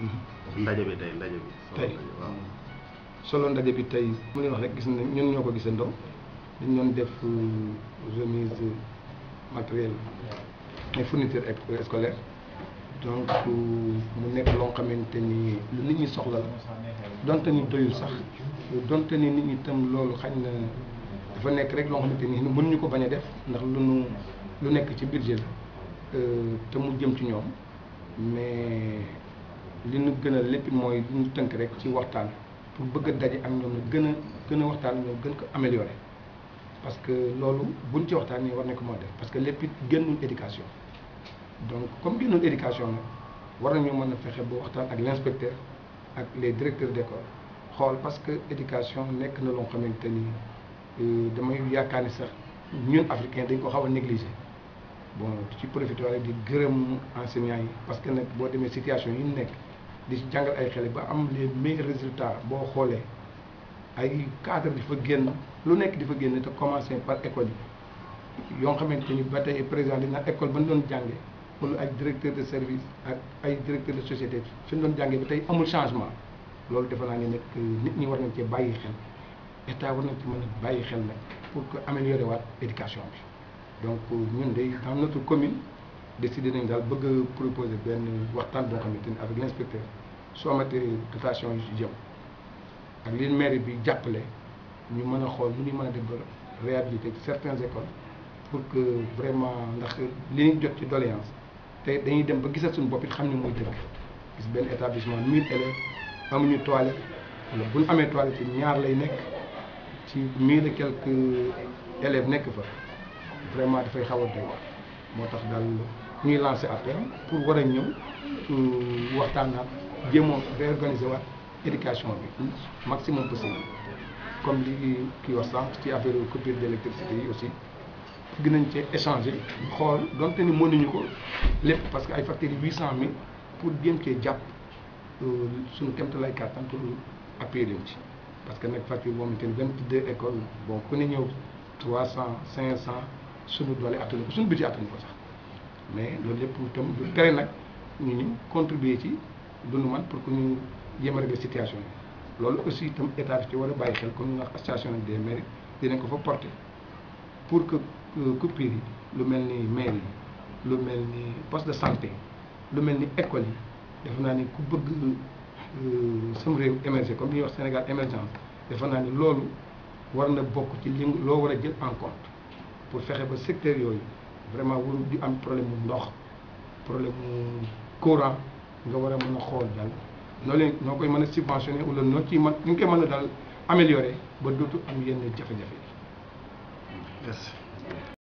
Mm-hmm. ndaje bi tey ndaje bi. Mm-hmm. solo ndaje bi tey. mu ne wax rek gis nañ ñun ñoo ko gisandoo dañ doon def euh, remise matériel mais fourniture scolaire donc euh, mu nekk loo xamante ni lu nit ñi soxla la donte ni doyul sax donte ni nit ñi tam loolu xañ na dafa nekk rek loo xamante ni mënuñu ko bañ a def ndax lu nu lu nekk ci budget la euh, te mu jëm ci ñoom mais. li nu gën a lépp mooy lu ñu tënk rek ci waxtaan pour bëgg a daje ak ñoom na gën a gën a waxtaan ñoom gën ko améliorer parce que loolu buñ ci waxtaan ni war nañ ko moo def parce que lépp it génnul éducation donc comme génnul éducation nag war nañu mën a fexe ba waxtaan ak l' inspecteur ak les directeurs de école xool parce que éducation nekk na loo xamante ni euh, damay yaakaar ni sax ñun africain dañ ko xaw a boo bon ci profité di gërëm enseignants yi parce que nag boo demee situation yi nekk di ci ay xale ba am les meilleurs résultat boo xoolee ay cadre di fa génn lu nekk di fa génn te commencé par école yi yoo xamante ni ba tey président dina école ba ñu doon jàngee wala ay directeur de service ak ay directeur de société fi ñu doon jàngee ba tey amul changement loolu defe naa ne nag euh, nit ñi war nañ cee bàyyi xel état war nañ ci mën bàyyi xel nag pour que améliorer waat éducation bi donc euh, ñun day dans notre commune décidé nañ daal bëgg a benn waxtaan boo xamante ni avec l' inspecteur su amatee dotation yu jëm ak li mairie bi jàppale ñu mën a xool nu ñuy mën a def ba réhabiliter certaines écoles pour que vraiment ndax li ñuy jot ci doléance te dañuy dem ba gisal suñu bopp it xam ne muy dëkk gis benn établissement mille élèves amuñu toilette wala bu ñu amee toilette ci ñaar lay nekk ci mille et quelques élèves nekk fa vraiment dafay xaw a doy moo tax dal ñuy lancer appel pour war a ñëw euh, waxtaan ak jéem a réorganiser waat éducation bi maximum possible comme li ki wax sànq ci affaire coupure d' électricité yi aussi bëgg nañ cee échanger xool donte ni mënuñu ko lépp parce que ay facteurs yi huit cent mille pour jéem cee jàpp euh, suñu kéemtu lay kàttan pour appuyer ci parce que nag facture moom itam vingt deux écoles bon ku ne ñëw trois cent cinq cent suñu doole attanu ko suñu budget attanu ko sax mais loolu lépp itam du tere nag ñu ñu contribuer ci dunu man pour que ñu jéem a régler situation yi loolu aussi itam état ci war a bàyyi xel comme ñu wax association nañ des maires dinañ ko fa porter pour que coupure yi lu mel ni maire yi lu mel ni poste de santé lu mel ni école yi defe naa ni ku bëgg euh, sam réew émerger comme li ñuy wax Sénégal émergence defe naa ni loolu war na bokk ci li loo war a jël en compte pour fexe ba secteur yooyu vraiment warul di am problème mu ndox problème mu courant nga war a mën a xool daal noo leen noo koy mën a subventionné wala noo ciy man ñu nga koy mën a daal amélioré ba dootu am yenn jafe-jafe yi